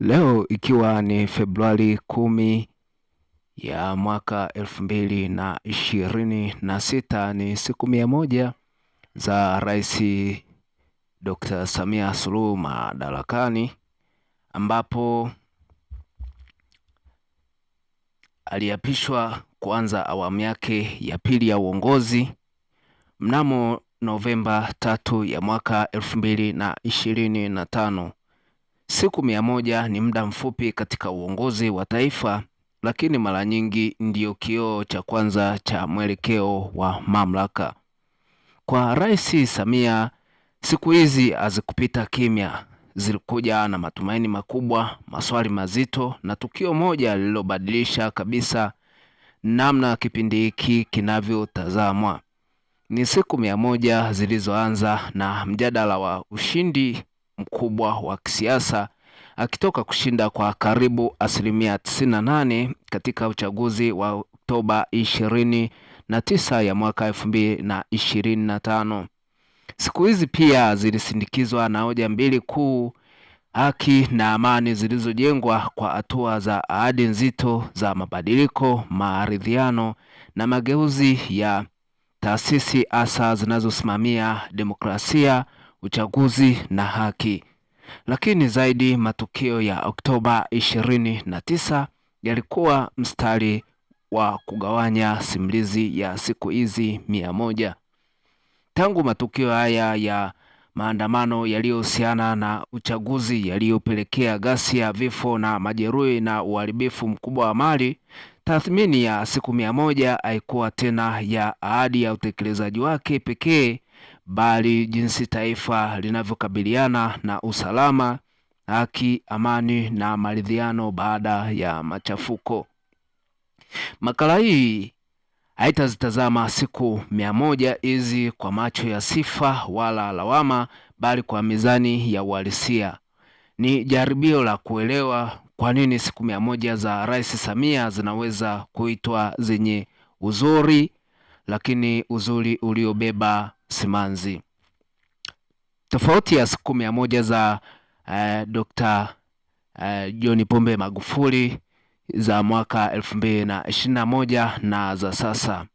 Leo ikiwa ni Februari kumi ya mwaka elfu mbili na ishirini na sita ni siku mia moja za Rais Dr. Samia Suluhu madarakani ambapo aliapishwa kuanza awamu yake ya pili ya uongozi mnamo Novemba tatu ya mwaka elfu mbili na ishirini na tano. Siku mia moja ni muda mfupi katika uongozi wa taifa, lakini mara nyingi ndiyo kioo cha kwanza cha mwelekeo wa mamlaka. Kwa Rais Samia, siku hizi hazikupita kimya, zilikuja na matumaini makubwa, maswali mazito na tukio moja lililobadilisha kabisa namna kipindi hiki kinavyotazamwa. Ni siku mia moja zilizoanza na mjadala wa ushindi mkubwa wa kisiasa akitoka kushinda kwa karibu asilimia 98 katika uchaguzi wa Oktoba 29 ya mwaka 2025. Siku hizi pia zilisindikizwa na hoja mbili kuu: haki na amani, zilizojengwa kwa hatua za ahadi nzito za mabadiliko, maridhiano na mageuzi ya taasisi, hasa zinazosimamia demokrasia uchaguzi na haki. Lakini zaidi matukio ya Oktoba 29 yalikuwa mstari wa kugawanya simulizi ya siku hizi mia moja. Tangu matukio haya ya maandamano yaliyohusiana na uchaguzi yaliyopelekea ghasia, vifo na majeruhi na uharibifu mkubwa wa mali, tathmini ya siku mia moja haikuwa tena ya ahadi ya utekelezaji wake pekee, bali jinsi taifa linavyokabiliana na usalama, haki, amani na maridhiano baada ya machafuko. Makala hii haitazitazama siku mia moja hizi kwa macho ya sifa wala lawama, bali kwa mizani ya uhalisia. Ni jaribio la kuelewa kwa nini siku mia moja za Rais Samia zinaweza kuitwa zenye uzuri, lakini uzuri uliobeba simanzi. Tofauti ya siku mia moja za uh, Dr. uh, John Pombe Magufuli za mwaka elfu mbili na ishirini na moja na za sasa.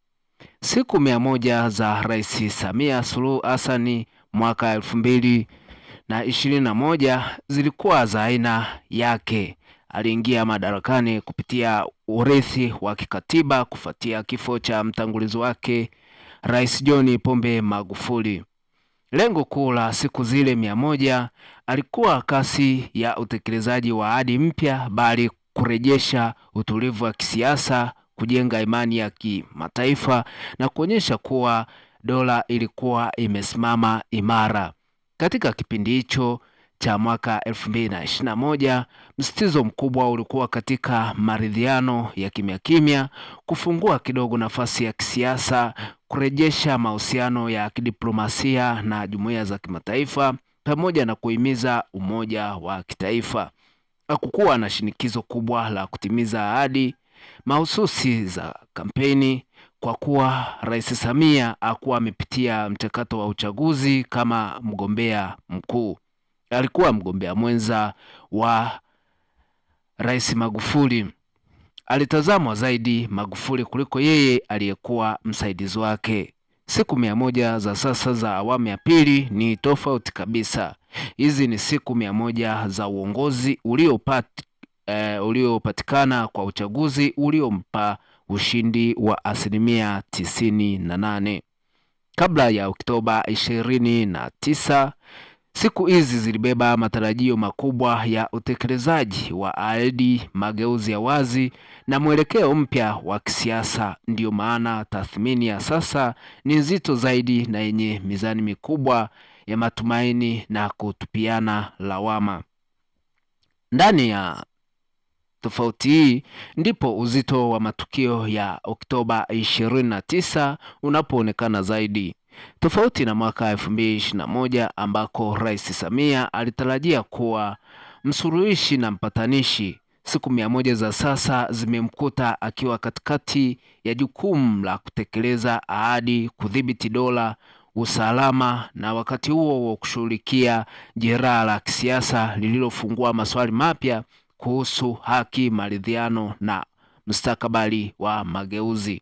Siku mia moja za Rais Samia Suluhu Hassan mwaka elfu mbili na ishirini na moja zilikuwa za aina yake. Aliingia madarakani kupitia urithi wa kikatiba kufuatia kifo cha mtangulizi wake Rais John Pombe Magufuli. Lengo kuu la siku zile mia moja alikuwa kasi ya utekelezaji wa ahadi mpya, bali kurejesha utulivu wa kisiasa, kujenga imani ya kimataifa na kuonyesha kuwa dola ilikuwa imesimama imara. Katika kipindi hicho cha mwaka 2021, msitizo mkubwa ulikuwa katika maridhiano ya kimya kimya, kufungua kidogo nafasi ya kisiasa, kurejesha mahusiano ya kidiplomasia na jumuiya za kimataifa pamoja na kuhimiza umoja wa kitaifa. Hakukuwa na shinikizo kubwa la kutimiza ahadi mahususi za kampeni kwa kuwa Rais Samia hakuwa amepitia mchakato wa uchaguzi kama mgombea mkuu alikuwa mgombea mwenza wa Rais Magufuli. Alitazamwa zaidi Magufuli kuliko yeye aliyekuwa msaidizi wake. Siku mia moja za sasa za awamu ya pili ni tofauti kabisa. Hizi ni siku mia moja za uongozi uliopati, eh, uliopatikana kwa uchaguzi uliompa ushindi wa asilimia tisini na nane kabla ya Oktoba ishirini na tisa Siku hizi zilibeba matarajio makubwa ya utekelezaji wa ahadi, mageuzi ya wazi na mwelekeo mpya wa kisiasa. Ndiyo maana tathmini ya sasa ni nzito zaidi na yenye mizani mikubwa ya matumaini na kutupiana lawama. Ndani ya tofauti hii ndipo uzito wa matukio ya Oktoba 29 unapoonekana zaidi tofauti na mwaka moja ambako Rais Samia alitarajia kuwa msuluhishi na mpatanishi. Siku mia moja za sasa zimemkuta akiwa katikati ya jukumu la kutekeleza ahadi, kudhibiti dola, usalama na wakati huo wa kushughulikia jeraha la kisiasa lililofungua maswali mapya kuhusu haki, maridhiano na mustakabali wa mageuzi.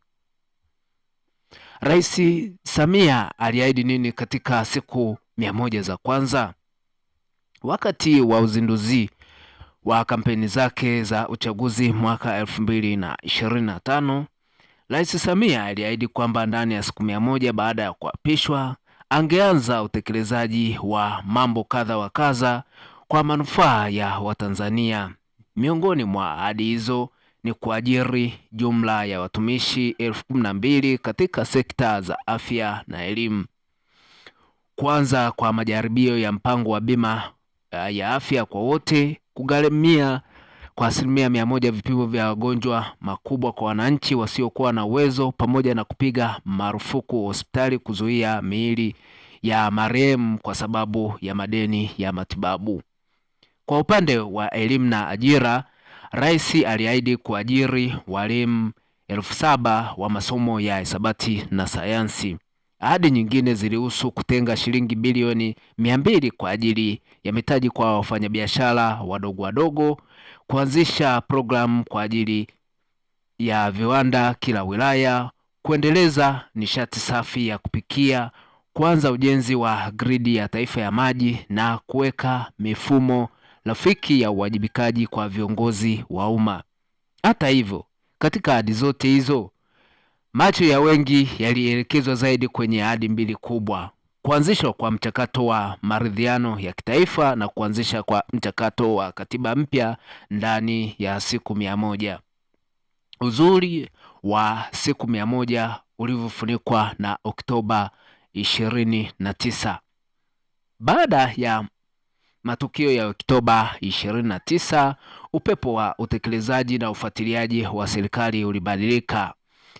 Rais Samia aliahidi nini katika siku mia moja za kwanza? Wakati wa uzinduzi wa kampeni zake za uchaguzi mwaka elfu mbili na ishirini na tano Rais Samia aliahidi kwamba ndani ya siku mia moja baada ya kuapishwa angeanza utekelezaji wa mambo kadha wa kadha kwa manufaa ya Watanzania. Miongoni mwa ahadi hizo ni kuajiri jumla ya watumishi elfu kumi na mbili katika sekta za afya na elimu. Kwanza kwa majaribio ya mpango wa bima eh, ya afya kwa wote, kugharamia kwa asilimia mia moja vipimo vya wagonjwa makubwa kwa wananchi wasiokuwa na uwezo, pamoja na kupiga marufuku hospitali kuzuia miili ya marehemu kwa sababu ya madeni ya matibabu. Kwa upande wa elimu na ajira Rais aliahidi kuajiri walimu elfu saba wa masomo ya hisabati na sayansi. Ahadi nyingine zilihusu kutenga shilingi bilioni mia mbili kwa ajili ya mitaji kwa wafanyabiashara wadogo wadogo, kuanzisha programu kwa ajili ya viwanda kila wilaya, kuendeleza nishati safi ya kupikia, kuanza ujenzi wa gridi ya taifa ya maji na kuweka mifumo rafiki ya uwajibikaji kwa viongozi wa umma. Hata hivyo, katika ahadi zote hizo, macho ya wengi yalielekezwa zaidi kwenye ahadi mbili kubwa: kuanzishwa kwa mchakato wa maridhiano ya kitaifa na kuanzisha kwa mchakato wa katiba mpya ndani ya siku mia moja. Uzuri wa siku mia moja ulivyofunikwa na Oktoba 29. Baada ya Matukio ya Oktoba 29, upepo wa utekelezaji na ufuatiliaji wa serikali ulibadilika.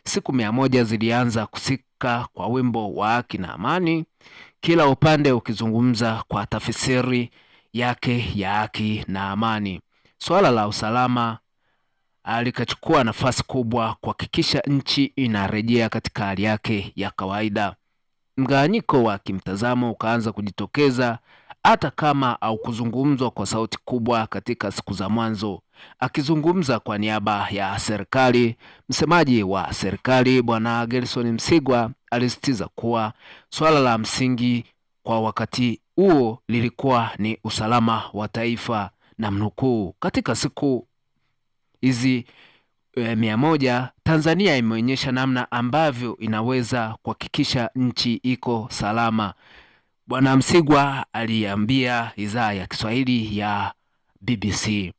Siku mia moja zilianza kusika kwa wimbo wa haki na amani, kila upande ukizungumza kwa tafsiri yake ya haki na amani. Swala la usalama alikachukua ah, nafasi kubwa kuhakikisha nchi inarejea katika hali yake ya kawaida. Mgawanyiko wa kimtazamo ukaanza kujitokeza hata kama haukuzungumzwa kwa sauti kubwa katika siku za mwanzo. Akizungumza kwa niaba ya serikali, msemaji wa serikali Bwana Gerson Msigwa alisisitiza kuwa swala la msingi kwa wakati huo lilikuwa ni usalama wa taifa, na mnukuu, katika siku hizi e, mia moja Tanzania imeonyesha namna ambavyo inaweza kuhakikisha nchi iko salama Bwana Msigwa aliambia idhaa ya Kiswahili ya BBC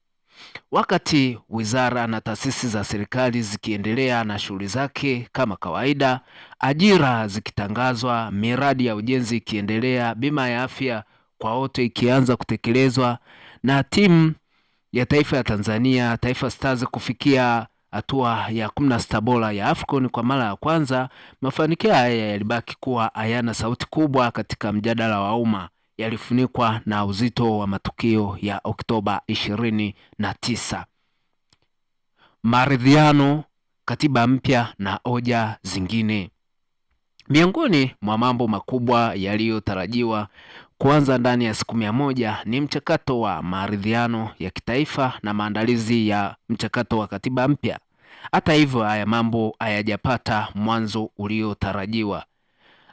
wakati wizara na taasisi za serikali zikiendelea na shughuli zake kama kawaida, ajira zikitangazwa, miradi ya ujenzi ikiendelea, bima ya afya kwa wote ikianza kutekelezwa na timu ya taifa ya Tanzania Taifa Stars kufikia hatua ya kumi na sita bora ya AFCON kwa mara ya kwanza, mafanikio haya yalibaki kuwa hayana sauti kubwa katika mjadala wa umma, yalifunikwa na uzito wa matukio ya Oktoba ishirini na tisa, maridhiano, katiba mpya na hoja zingine. Miongoni mwa mambo makubwa yaliyotarajiwa kuanza ndani ya siku mia moja ni mchakato wa maridhiano ya kitaifa na maandalizi ya mchakato wa katiba mpya. Hata hivyo, haya mambo hayajapata mwanzo uliotarajiwa.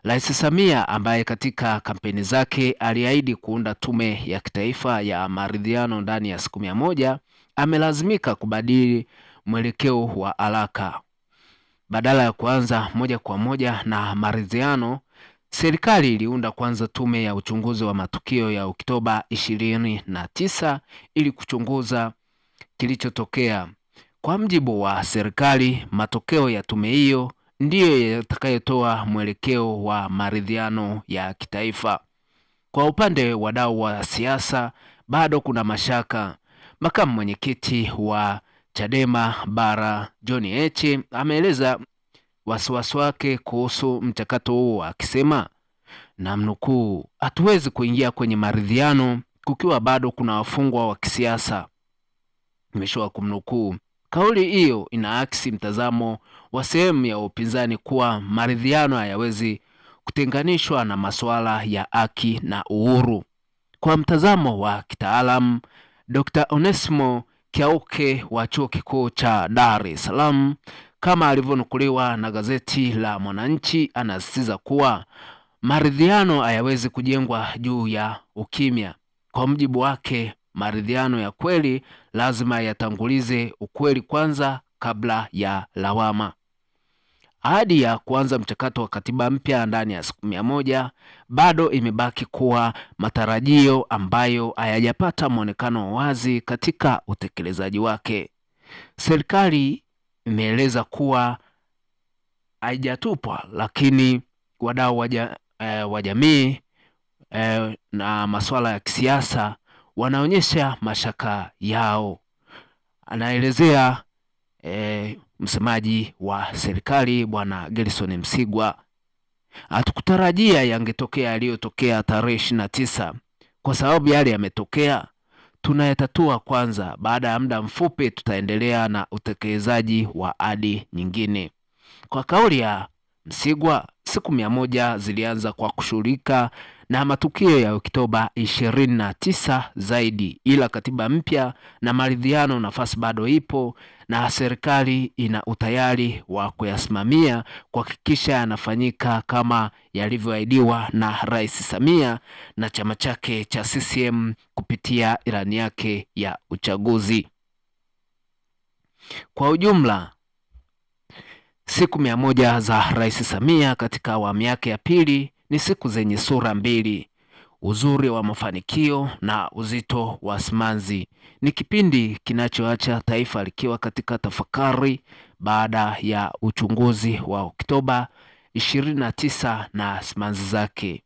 Rais Samia ambaye katika kampeni zake aliahidi kuunda tume ya kitaifa ya maridhiano ndani ya siku mia moja amelazimika kubadili mwelekeo wa haraka. Badala ya kuanza moja kwa moja na maridhiano, serikali iliunda kwanza tume ya uchunguzi wa matukio ya Oktoba ishirini na tisa ili kuchunguza kilichotokea kwa mjibu wa serikali, matokeo ya tume hiyo ndiyo yatakayotoa mwelekeo wa maridhiano ya kitaifa. Kwa upande wa wadau wa siasa, bado kuna mashaka. Makamu mwenyekiti wa Chadema Bara, John Heche ameeleza wasiwasi wake kuhusu mchakato huo akisema, namnukuu, hatuwezi kuingia kwenye maridhiano kukiwa bado kuna wafungwa wa kisiasa, mwisho wa kumnukuu. Kauli hiyo inaaksi mtazamo wa sehemu ya upinzani kuwa maridhiano hayawezi kutenganishwa na masuala ya haki na uhuru. Kwa mtazamo wa kitaalamu, Dr. Onesmo Kyauke wa Chuo Kikuu cha Dar es Salaam, kama alivyonukuliwa na gazeti la Mwananchi, anasisitiza kuwa maridhiano hayawezi kujengwa juu ya ukimya. Kwa mujibu wake, Maridhiano ya kweli lazima yatangulize ukweli kwanza kabla ya lawama. Ahadi ya kuanza mchakato wa katiba mpya ndani ya siku mia moja bado imebaki kuwa matarajio ambayo hayajapata mwonekano wa wazi katika utekelezaji wake. Serikali imeeleza kuwa haijatupwa, lakini wadau wa waja, eh, jamii eh, na masuala ya kisiasa wanaonyesha mashaka yao, anaelezea e, msemaji wa serikali Bwana Gerson Msigwa. Hatukutarajia yangetokea yaliyotokea tarehe ishirini na tisa kwa sababu yale yametokea, tunayatatua kwanza, baada ya muda mfupi tutaendelea na utekelezaji wa ahadi nyingine. Kwa kauli ya Msigwa siku mia moja zilianza kwa kushughulika na matukio ya Oktoba 29 zaidi, ila katiba mpya na maridhiano, nafasi bado ipo na serikali ina utayari wa kuyasimamia kuhakikisha yanafanyika kama yalivyoahidiwa na Rais Samia na chama chake cha CCM kupitia ilani yake ya uchaguzi. Kwa ujumla, Siku mia moja za Rais Samia katika awamu yake ya pili ni siku zenye sura mbili: uzuri wa mafanikio na uzito wa simanzi. Ni kipindi kinachoacha taifa likiwa katika tafakari baada ya uchunguzi wa Oktoba 29 na simanzi zake.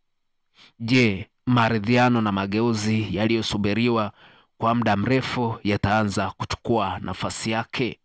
Je, maridhiano na mageuzi yaliyosubiriwa kwa muda mrefu yataanza kuchukua nafasi yake?